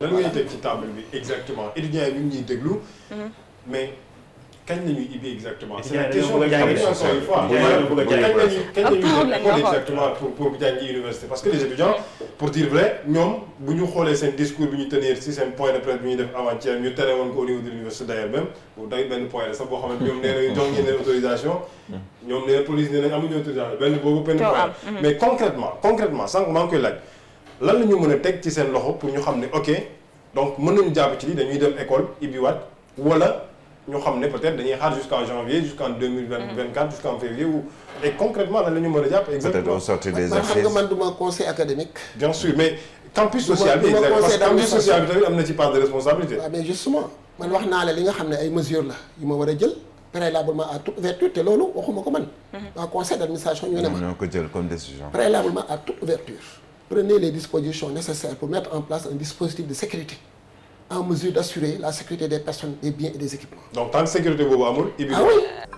lan ngay teg ci table bi exactement étudiants yi ñu ngi ñuy déglu. Mm-hmm. mais kañ la ñuy ibbi exactement. c'est la question de communication une fois. kañ la ñuy kañ la ñuy exactement pour pour jàngi université. parce que les étudiants pour dire vrai ñoom bu ñu xoolee seen discours bi ñu tenir si seen point de presse bi ñuy def avant-hier ñu tere woon ko au niveau de l'université d'ailleurs même bu day benn point sax boo xam ne ñoom nee autorisation. Mm-hmm. ñoom nee na police nee nañ amuñu autorisation benn boobu benn point mm-hmm. mais concrètement concrètement sànq maa lan la ñu mën a teg ci seen loxo pour ñu xam ne ok donc mën nañu jàpp ci lii dañuy dem école ibbiwaat wala ñu xam ne peut-être dañuy xaar jusqu'en janvier jusqu'en deux mille vingt a jàpp exactement peut-être on sortit des affaires xam nga man du conseil académique bien sûr que campus ah, man wax naa la li nga xam ne ay mesures la yu ma war a jël préalablement à toute ouverture te loolu waxuma ko man mhm. waa conseil d'administration ñu ne ma ñoo ko jël comme décision prenez les dispositions nécessaires pour mettre en place un dispositif de sécurité en mesure d'assurer la sécurité des personnes, des biens et des équipements. Donc tant que sécurité boobu amul. ah oui